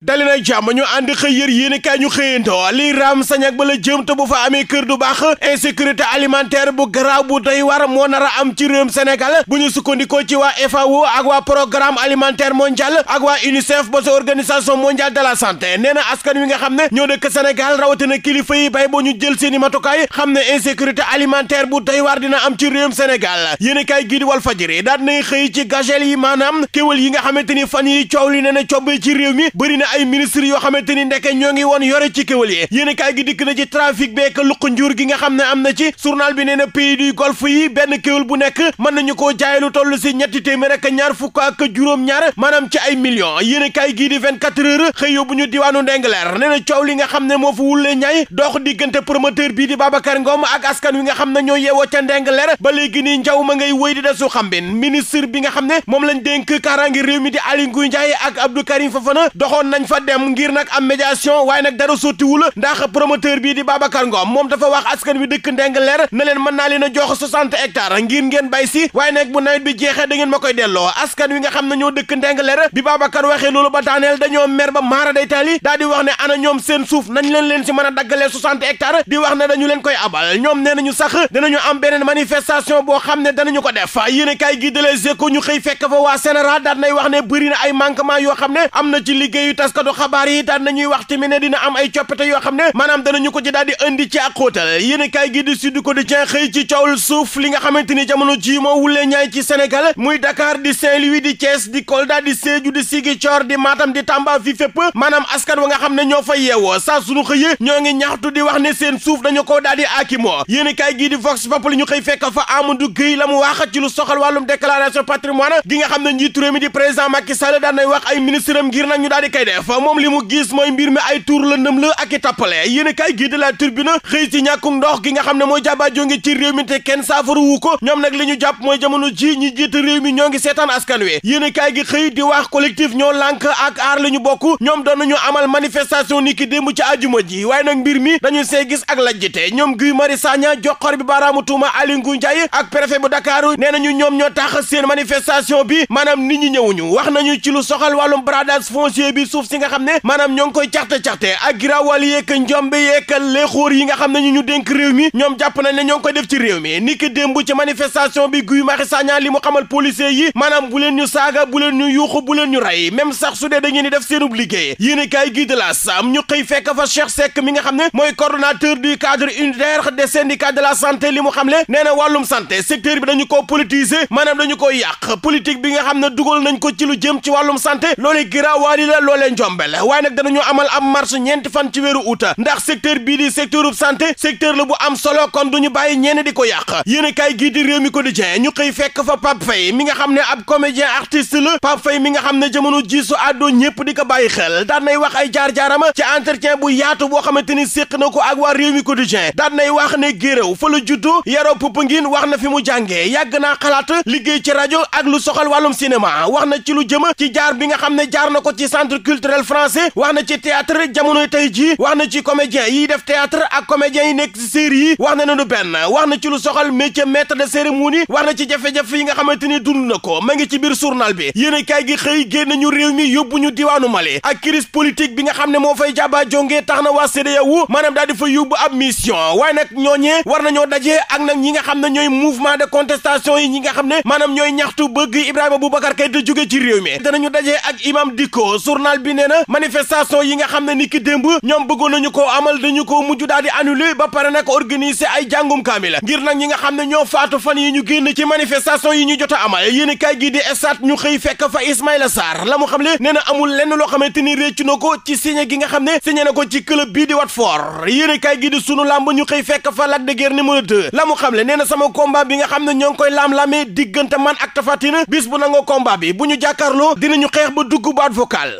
dali nag jàmm ñu ànd xëy yër yéen kaay ñu xëyantoo li raam sañak ba la jëm te bu fa amee kër du baax insécurité alimentaire bu garaaw bu doy war moo nar am ci réewum Sénégal bu ñu sukkandikoo ci waa FAO ak waa programme alimentaire mondial ak waa UNICEF ba sa organisation mondiale de la santé nee na askan wi nga xam ne ñoo dëkk Sénégal rawatina kilifa yi bay boo ñu jël seeni matukaay xam ne insécurité alimentaire bu doy war dina am ci réewum Sénégal yéen kaay gii di Walf Fadjri daan nañ xëy ci gagel yi maanaam kéwal yi nga xamante ni fan yi coow li ne na cobbee ci réew mi bëri na ay ministre yoo xamante ni ndeke ñoo ngi woon yore ci kéwal yi yéen kaay gi dikk na ci trafic beek luq njuur gi nga xam ne am na ci journal bi nee na pays du yi benn kéwal bu nekk mën nañu koo jaay lu toll si ñetti téeméer ak ñaar fukk ak juróom-ñaar maanaam ci ay millions yéen kaay gii di 24 heures xëy yóbbu ñu diwaanu Ndengler nee na coow li nga xam ne moo fa wulee ñaay dox diggante promoteur bii di Babacar Ngom ak askan wi nga xam ne ñoo yeewoo ca Ndengler ba léegi nii njaw ma ngay wéy di desu xambin ministre bi nga xam ne moom lañ dénk kaaraangi réew mi di Aly Ngouille Ndiaye ak Abdou Karim Fofana doxoon na nañ dem ngir nag am médiation waaye nag dara sottiwul ndax promoteur bii di Babacar Ngom moom dafa wax askan wi dëkk ndeng leer na leen mën naa leen a jox soixante hectares ngir ngeen bay si waaye nag bu nawet bi jeexee da ngeen ma koy delloo askan wi nga xam ne ñoo dëkk ndeng leer bi Babacar waxee loolu ba daaneel dañoo mer ba maara day taali daal di wax ne ana ñoom seen suuf nañ leen leen si mën a daggalee soixante hectares di wax ne dañu leen koy abal ñoom nee nañu sax danañu am beneen manifestation boo xam ne danañu ko def yéen a kaay gi xëy fekk fa waa général daal wax ne bëri na ay manquement yoo xam ne am na ci liggéeyu taskatu xabaar yi daan nañuy wax tamit ne dina am ay coppite yoo xam ne maanaam danañu ko ci daal di indi ci ak xóotal yéen a kaay ko di Sud Quotidien xëy ci coowul suuf li nga xamante ni jamono ji moo wulee ñaay ci Sénégal muy dakaar di Saint-Louis di Thiès di Kolda di Sédhiou di Ziguinchor di Matam di Tamba fii fépp maanaam askan wa nga xam ne ñoo fa yeewoo saa sunu xëyee ñoo ngi ñaxtu di wax ne seen suuf dañu ko daal di aakimoo yéen a kaay gii di Vox Populi fekk fa la mu wax ci lu soxal wàllum déclaration patrimoine nga xam ne njiitu réew mi di président wax ay ministre am ngir nag daal di kay Pastef moom li mu gis mooy mbir mi ay tuur lëndëm la ak i tappale yéen kay gii de la Tribune xëy ci ñàkkug ndox gi nga xam ne mooy jaaba jonge ci réew kenn saafara ko ñoom nag li ñu jàpp mooy jamono ji ñi jiite réew mi ñoo ngi seetaan askan wi yéen kay gi xëy di wax collectif ñoo lànk ak aar la ñu bokk ñoom doon nañu amal manifestation ni ki démb ci àjuma ji waaye nag mbir mi dañu see gis ak lajjite ñoom Guy mari Sagna joxor bi baaraamu tuuma Aly Ngouille ak préfet bu ndakaaru nee na ñu ñoom ñoo tax seen manifestation bi maanaam nit ñi ñëwuñu wax nañu ci lu soxal wàllum bradage foncier bi suuf si nga xam ne maanaam ñoo ngi koy caxte-caxte ak giraawal yeeg njombe yeeg léexóor yi nga xam ne ñu ñu dénk réew mi ñoom jàpp nañ ne ñoo koy def ci réew mi ni ki démb ci manifestation bi Guy Marius Sagna li mu xamal policiers yi maanaam bu leen ñu saaga bu leen ñu yuuxu bu leen ñu rey même sax su dee da ngeen def seenub liggéey yéen i kaay gi de la sam ñu xëy fekk fa Cheikh Seck mi nga xam ne mooy coordonnateur du cadre unitaire des syndicats de la santé li mu xam ne nee na wàllum santé secteur bi dañu ko politiser maanaam dañu ko yàq politique bi nga xam ne dugal nañ ko ci lu jëm ci wàllum santé njombe la waaye nag danañu amal am marche ñeenti fan ci weeru août ndax secteur bii di secteur santé la bu am solo kon duñu bàyyi ñenn di ko yàq yéen kaay gii di réew mi quotidien ñu xëy fekk fa Pape Faye mi nga xam ne ab comédien artiste la Pape Faye mi nga xam ne jamono ji su àddoo ñëpp di ko bàyyi xel daan wax ay jaar-jaaram ci entretien bu yaatu boo xamante ni séq na ko ak waa réew mi quotidien daan nay wax ne géréw fa la juddu yaroo Popenguine wax na fi mu jàngee yàgg wax na ci lu jëm ci jaar bi nga xam ne jaar na ko ci centre culturel français wax na ci théâtre jamonoy tey ji wax na ci comédien yiy def théâtre ak comédien yi nekk ci série yi wax na ne du benn wax na ci lu soxal métier maître de cérémonie wax na ci jafe-jafe yi nga xamante ni dund na ko ma ngi ci biir journal bi yéen kaay gi xëy génn ñu réew mi yóbbu ñu diwaanu Mali ak crise politique bi nga xam ne moo fay jaba jonge tax na waa CEDEAO maanaam daal di fa yóbbu ab mission waaye nag ñooñee war nañoo daje ak nag ñi nga xam ne ñooy mouvement de contestation yi ñi nga xam ne maanaam ñooy ñaxtu bëgg Ibrahima Boubacar Keïta jóge ci réew mi danañu daje ak imam Dicko journal bi nee na manifestation yi nga xam ne ni ki démb ñoom bëggoon nañu koo amal dañu ko mujj daal di annulé ba pare nag organiser ay jàngum kaamila ngir nag ñi nga xam ne ñoo faatu fan yi ñu génn ci manifestation yi ñu jot a amal yéen kay gi di estat ñu xëy fekk fa Ismaïla Sarr la mu xam ne nee na amul lenn loo xamante ni réccu na ko ci signé gi nga xam ne signé na ko ci club bii di Watford yéen kay gi di sunu làmb ñu xëy fekk fa Lac de Guiers numéro 2 la mu xam ne nee na sama combat bi nga xam ne ñoo ngi koy laam-laamee man ak Tapha Tine bis bu nangoo combat bi bu ñu jàkkaarloo dinañu xeex ba dugg bu advocal